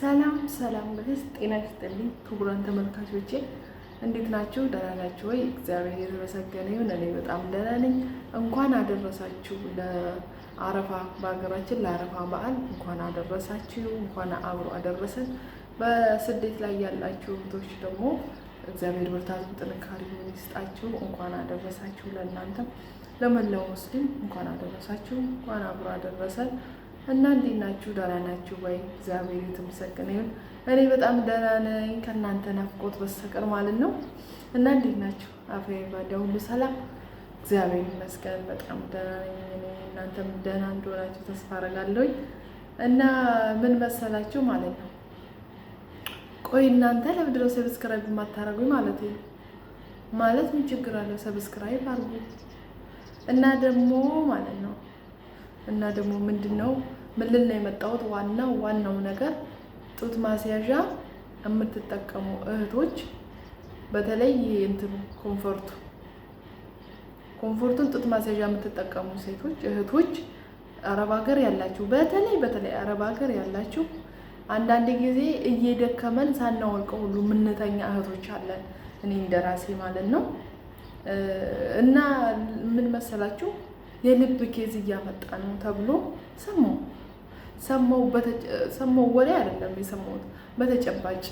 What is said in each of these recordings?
ሰላም ሰላም ብለስ ጤና ይስጥልኝ ክቡራን ተመልካቾቼ እንዴት ናችሁ? ደህና ናችሁ ወይ? እግዚአብሔር የተመሰገነ ይሁን። እኔ በጣም ደህና ነኝ። እንኳን አደረሳችሁ ለአረፋ በሀገራችን ለአረፋ በዓል እንኳን አደረሳችሁ፣ እንኳን አብሮ አደረሰን። በስደት ላይ ያላችሁ እህቶች ደግሞ እግዚአብሔር ብርታቱን ጥንካሬውን ይስጣችሁ። እንኳን አደረሳችሁ። ለእናንተም ለመላው ሙስሊም እንኳን አደረሳችሁ፣ እንኳን አብሮ አደረሰን። እና እንዴት ናችሁ? ደህና ናችሁ ወይ? እግዚአብሔር የተመሰገነ ይሁን። እኔ በጣም ደህና ነኝ፣ ከእናንተ ናፍቆት በስተቀር ማለት ነው። እና እንዴት ናችሁ? አፌ ባዳ ሁሉ ሰላም፣ እግዚአብሔር ይመስገን። በጣም ደህና ነኝ። እናንተም ደህና እንደሆናችሁ ተስፋ አደርጋለሁኝ። እና ምን መሰላችሁ ማለት ነው፣ ቆይ እናንተ ለምንድን ነው ሰብስክራይብ የማታደርጉኝ ማለት ነው? ማለት ምን ችግር አለው? ሰብስክራይብ አድርጉ እና ደግሞ ማለት ነው እና ደግሞ ምንድን ነው ምልል ነው የመጣሁት ዋናው ዋናው ነገር ጡት ማስያዣ የምትጠቀሙ እህቶች በተለይ ይሄ እንትኑ ኮንፎርቱ ኮንፎርቱን ጡት ማስያዣ የምትጠቀሙ ሴቶች እህቶች አረብ ሀገር ያላችሁ በተለይ በተለይ አረብ ሀገር ያላችሁ አንዳንድ ጊዜ እየደከመን ሳናወልቀው ሁሉ ምንተኛ እህቶች አለን። እኔ እንደራሴ ማለት ነው እና ምን መሰላችሁ የልብ ኬዝ እያመጣ ነው ተብሎ ሰማው ሰማው ወሬ አይደለም የሰማሁት በተጨባጭ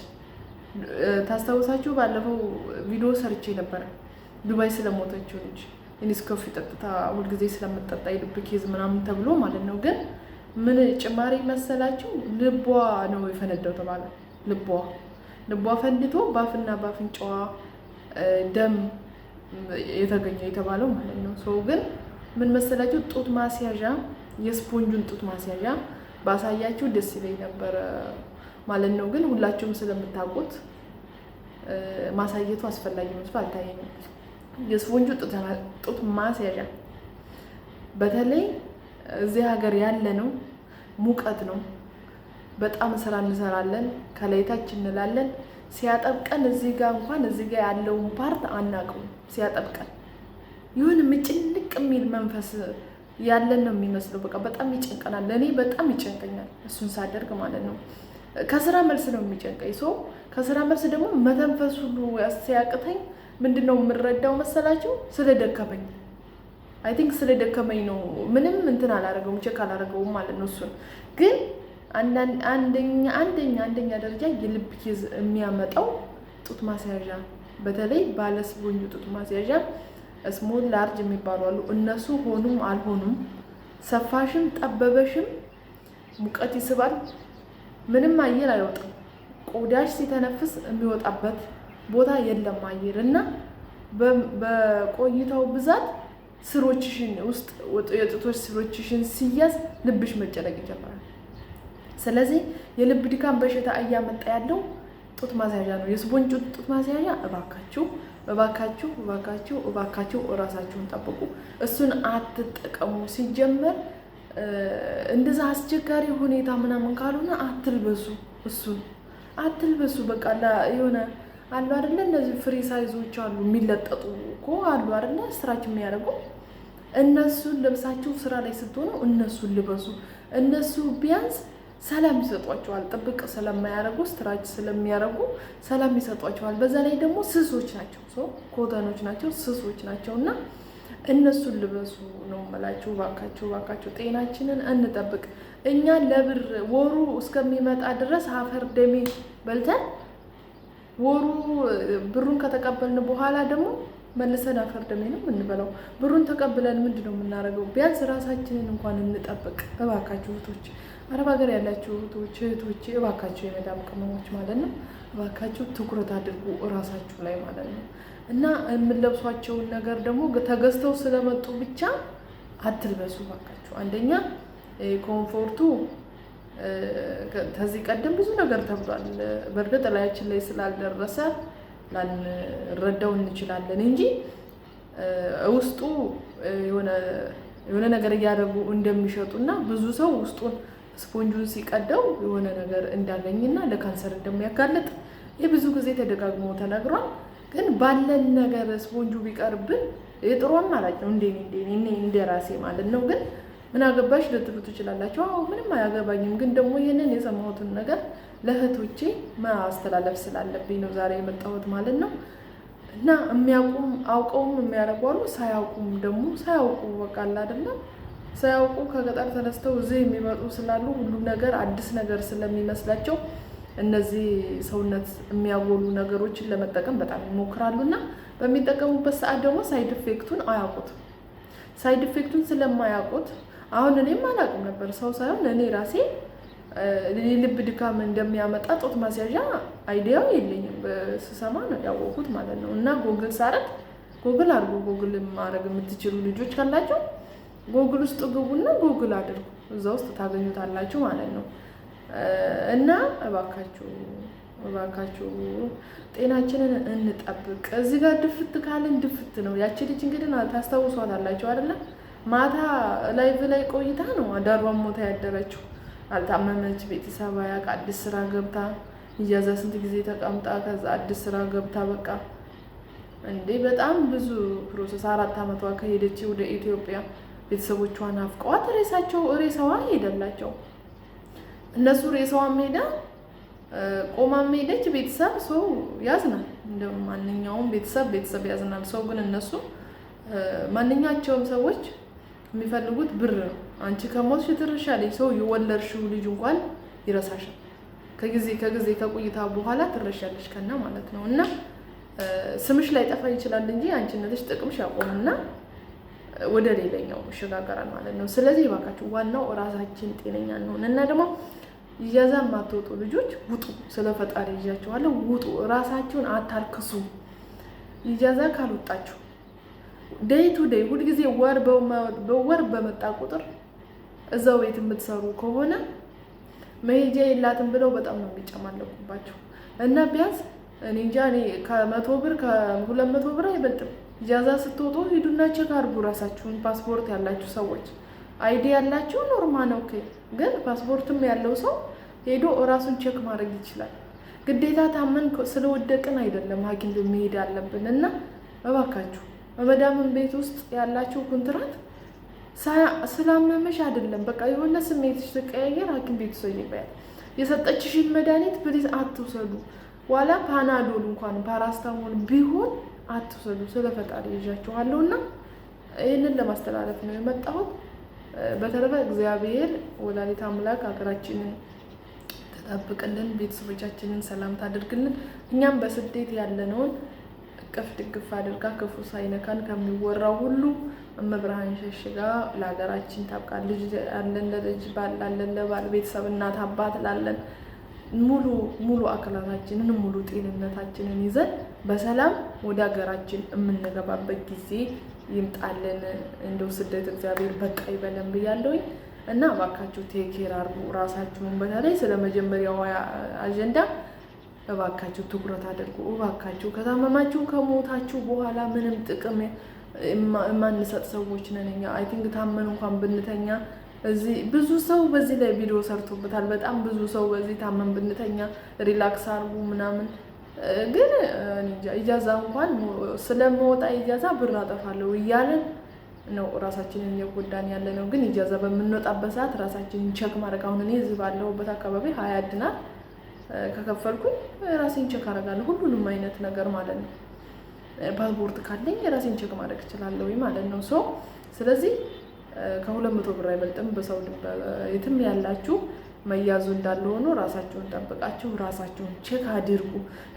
ታስታውሳችሁ፣ ባለፈው ቪዲዮ ሰርቼ ነበረ ዱባይ ስለሞተችው ልጅ እኔስ ኮፊ ጠጥታ ሁልጊዜ ስለምጠጣ የልብ ኬዝ ምናምን ተብሎ ማለት ነው። ግን ምን ጭማሪ መሰላችሁ? ልቧ ነው የፈነዳው ተባለ። ልቧ ልቧ ፈንድቶ ባፍና ባፍንጫዋ ደም የተገኘ የተባለው ማለት ነው። ሰው ግን ምን መሰላችሁ ጡት ማስያዣ የስፖንጁን ጡት ማስያዣ ባሳያችሁ ደስ ይለኝ ነበረ ማለት ነው። ግን ሁላችሁም ስለምታውቁት ማሳየቱ አስፈላጊ መስሎ አልታየኝም። የስፖንጁ ጡት ማስያዣ በተለይ እዚህ ሀገር ያለ ነው ሙቀት ነው። በጣም ስራ እንሰራለን፣ ከላይታች እንላለን። ሲያጠብቀን እዚህ ጋር እንኳን እዚህ ጋር ያለውን ፓርት አናውቅም ሲያጠብቀን የሆነ ምጭንቅ የሚል መንፈስ ያለን ነው የሚመስለው። በቃ በጣም ይጨንቀናል። ለእኔ በጣም ይጨንቀኛል እሱን ሳደርግ ማለት ነው። ከስራ መልስ ነው የሚጨንቀኝ ሰው። ከስራ መልስ ደግሞ መተንፈስ ሁሉ ሲያቅተኝ ምንድን ነው የምረዳው መሰላችሁ? ስለደከመኝ አይ ቲንክ ስለደከመኝ ነው። ምንም እንትን አላደረገውም፣ ቼክ አላደረገውም ማለት ነው። እሱን ግን አንደኛ አንደኛ አንደኛ ደረጃ የልብ ኬዝ የሚያመጣው ጡት ማስያዣ፣ በተለይ ባለስቦኝ ጡት ማስያዣ ስሞል ላርጅ የሚባሉ አሉ። እነሱ ሆኑም አልሆኑም ሰፋሽም ጠበበሽም ሙቀት ይስባል። ምንም አየር አይወጣም። ቆዳሽ ሲተነፍስ የሚወጣበት ቦታ የለም አየር እና በቆይታው ብዛት ስሮችሽን ውስጥ የጡቶች ስሮችሽን ሲያዝ ልብሽ መጨለቅ ይጀምራል። ስለዚህ የልብ ድካም በሽታ እያመጣ ያለው ጡት ማስያዣ ነው። የስቦንጅ ጡት ማስያዣ እባካችሁ እባካችሁ እባካችሁ እባካችሁ እራሳችሁን ጠብቁ። እሱን አትጠቀሙ። ሲጀመር እንደዛ አስቸጋሪ ሁኔታ ምናምን ካልሆነ አትልበሱ። እሱን አትልበሱ። በቃ የሆነ አሉ አይደለ እነዚህ ፍሪ ሳይዞች አሉ የሚለጠጡ እኮ አሉ አይደለ ስራችን የሚያደርጉ እነሱን ለብሳችሁ ስራ ላይ ስትሆኑ እነሱን ልበሱ። እነሱ ቢያንስ ሰላም ይሰጧቸዋል። ጥብቅ ስለማያደርጉ ስትራች ስለሚያደርጉ ሰላም ይሰጧቸዋል። በዛ ላይ ደግሞ ስሶች ናቸው፣ ሰው ኮተኖች ናቸው፣ ስሶች ናቸው እና እነሱን ልበሱ ነው የምላችሁ። እባካችሁ እባካችሁ ጤናችንን እንጠብቅ። እኛ ለብር ወሩ እስከሚመጣ ድረስ አፈር ደሜ በልተን ወሩ ብሩን ከተቀበልን በኋላ ደግሞ መልሰን አፈር ደሜ ነው የምንበላው። ብሩን ተቀብለን ምንድን ነው የምናደርገው? ቢያንስ ራሳችንን እንኳን እንጠብቅ እባካችሁ እህቶች። አረብ ሀገር ያላችሁ እህቶች እባካችሁ የመዳም ቅመሞች ማለት ነው እባካችሁ ትኩረት አድርጉ እራሳችሁ ላይ ማለት ነው። እና የምንለብሷቸውን ነገር ደግሞ ተገዝተው ስለመጡ ብቻ አትልበሱ እባካችሁ። አንደኛ ኮምፎርቱ ከዚህ ቀደም ብዙ ነገር ተብሏል። በእርግጥ ላያችን ላይ ስላልደረሰ ላንረዳው እንችላለን እንጂ ውስጡ የሆነ ነገር እያደረጉ እና ብዙ ሰው ውስጡን ስፖንጁን ሲቀደው የሆነ ነገር እንዳገኝና ለካንሰር እንደሚያጋልጥ ይህ ብዙ ጊዜ ተደጋግሞ ተነግሯል። ግን ባለን ነገር ስፖንጁ ቢቀርብን የጥሩ አማራጭ ነው። እንዴ እኔ እንደ ራሴ ማለት ነው። ግን ምን አገባሽ ልትሉ ትችላላችሁ። አዎ ምንም አያገባኝም። ግን ደግሞ ይህንን የሰማሁትን ነገር ለእህቶቼ ማስተላለፍ ስላለብኝ ነው ዛሬ የመጣሁት ማለት ነው። እና የሚያውቁም አውቀውም የሚያደርጓሉ፣ ሳያውቁም ደግሞ ሳያውቁ በቃ አይደለም ሳያውቁ ከገጠር ተነስተው እዚህ የሚመጡ ስላሉ ሁሉም ነገር አዲስ ነገር ስለሚመስላቸው እነዚህ ሰውነት የሚያጎሉ ነገሮችን ለመጠቀም በጣም ይሞክራሉ እና በሚጠቀሙበት ሰዓት ደግሞ ሳይድ ኢፌክቱን አያውቁትም። ሳይድ ኢፌክቱን ስለማያውቁት አሁን እኔም አላውቅም ነበር፣ ሰው ሳይሆን እኔ ራሴ ልብ ድካም እንደሚያመጣ ጡት ማስያዣ አይዲያው የለኝም። ስሰማ ነው ያወቁት ማለት ነው። እና ጎግል ሳረግ ጎግል አድርጎ ጎግል ማድረግ የምትችሉ ልጆች ካላቸው ጎግል ውስጥ ግቡና ጎግል አድርጉ እዛ ውስጥ ታገኙታላችሁ ማለት ነው። እና እባካችሁ እባካችሁ ጤናችንን እንጠብቅ። እዚህ ጋር ድፍት ካልን ድፍት ነው። ያቺ ልጅ እንግዲህ ታስታውሷታላችሁ አይደለ? ማታ ላይቭ ላይ ቆይታ ነው አዳሯ ሞታ ያደረችው። አልታመመች፣ ቤተሰብ ያቅ አዲስ ስራ ገብታ እያዛ ስንት ጊዜ ተቀምጣ ከዛ አዲስ ስራ ገብታ በቃ እንዴ በጣም ብዙ ፕሮሰስ አራት አመቷ ከሄደች ወደ ኢትዮጵያ ቤተሰቦቿን አፍቀዋት ሬሳቸው ሬሳዋ ሄደላቸው። እነሱ ሬሳዋ ሜዳ ቆማም ሄደች። ቤተሰብ ሰው ያዝናል፣ እንደ ማንኛውም ቤተሰብ ቤተሰብ ያዝናል። ሰው ግን እነሱ ማንኛቸውም ሰዎች የሚፈልጉት ብር ነው። አንቺ ከሞትሽ ትርሻለች። ሰው የወለድሽው ልጅ እንኳን ይረሳሻል። ከጊዜ ከጊዜ ከቆይታ በኋላ ትረሻለች ከና ማለት ነው እና ስምሽ ላይ ጠፋ ይችላል እንጂ አንቺነትሽ ጥቅምሽ ያቆምና ወደ ሌላኛው ይሸጋገራል ማለት ነው። ስለዚህ እባካችሁ ዋናው ራሳችን ጤነኛ እንሆን እና ደግሞ እያዛ የማትወጡ ልጆች ውጡ፣ ስለ ፈጣሪ ይዣችኋለሁ። ውጡ፣ ራሳችሁን አታርክሱ። እያዛ ካልወጣችሁ ዴይ ቱ ደይ ሁልጊዜ ወር በመጣ ቁጥር እዛው ቤት የምትሰሩ ከሆነ መሄጃ የላትም ብለው በጣም ነው የሚጨማለቁባቸው እና ቢያንስ እኔ እንጃ እኔ ከመቶ ብር ከሁለት መቶ ብር አይበልጥም ጃዛ ስትወጡ ሂዱና ቼክ አድርጉ ራሳችሁን። ፓስፖርት ያላችሁ ሰዎች አይዲ ያላችሁ ኖርማ ነው። ግን ፓስፖርትም ያለው ሰው ሄዶ እራሱን ቼክ ማድረግ ይችላል። ግዴታ ታመን ስለወደቅን አይደለም ሐኪም መሄድ አለብን እና እባካችሁ በመዳምን ቤት ውስጥ ያላችሁ ኩንትራት ስላመመሽ አይደለም። በቃ የሆነ ስሜትሽ ተቀያየር ሐኪም ቤት ሰው ይበያል። የሰጠችሽን መድኃኒት ብሊዝ አትውሰዱ። ዋላ ፓናዶል እንኳን ፓራስታሞል ቢሆን አትውሰዱ። ስለ ፈጣሪ ይዣችኋለሁ እና ይህንን ለማስተላለፍ ነው የመጣሁት። በተረፈ እግዚአብሔር ወላዲተ አምላክ ሀገራችንን ተጠብቅልን፣ ቤተሰቦቻችንን ሰላም ታደርግልን። እኛም በስደት ያለነውን እቅፍ ድግፍ አድርጋ ክፉ ሳይነካን ከሚወራው ሁሉ እመብርሃን ሸሽጋ ለሀገራችን ታብቃ። ልጅ ለልጅ፣ ባል ላለን ለባል፣ ቤተሰብ እናት አባት ላለን ሙሉ ሙሉ አካላታችንን ሙሉ ጤንነታችንን ይዘን በሰላም ወደ ሀገራችን የምንገባበት ጊዜ ይምጣልን። እንደው ስደት እግዚአብሔር በቃ ይበለን ብያለሁኝ እና እባካችሁ ቴኬር አርጉ ራሳችሁን። በተለይ ስለ መጀመሪያው አጀንዳ እባካችሁ ትኩረት አድርጉ። እባካችሁ ከታመማችሁ ከሞታችሁ በኋላ ምንም ጥቅም የማንሰጥ ሰዎች ነን እኛ። አይ ቲንክ ታመን እንኳን ብንተኛ እዚህ ብዙ ሰው በዚህ ላይ ቪዲዮ ሰርቶበታል። በጣም ብዙ ሰው በዚህ ታመን ብንተኛ ሪላክስ አርጉ ምናምን። ግን ኢጃዛ እንኳን ስለመወጣ ኢጃዛ ብር አጠፋለሁ እያለን ነው ራሳችንን እየጎዳን ያለ ነው። ግን ኢጃዛ በምንወጣበት ሰዓት ራሳችንን ቸክ ማድረግ አሁን እኔ እዚህ ባለሁበት አካባቢ ሀያ ድናል ከከፈልኩኝ ራሴን ቸክ አደርጋለሁ ሁሉንም አይነት ነገር ማለት ነው። ፓስፖርት ካለኝ ራሴን ቸክ ማድረግ እችላለሁ ማለት ነው። ሶ ስለዚህ ከሁለት መቶ ብር አይበልጥም። በሰው የትም ያላችሁ መያዙ እንዳለ ሆኖ ራሳችሁን ጠብቃችሁ ራሳችሁን ቼክ አድርጉ።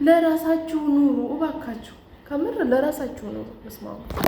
ለራሳችሁ ኑሩ እባካችሁ፣ ከምር ለራሳችሁ ኑሩ። መስማሙ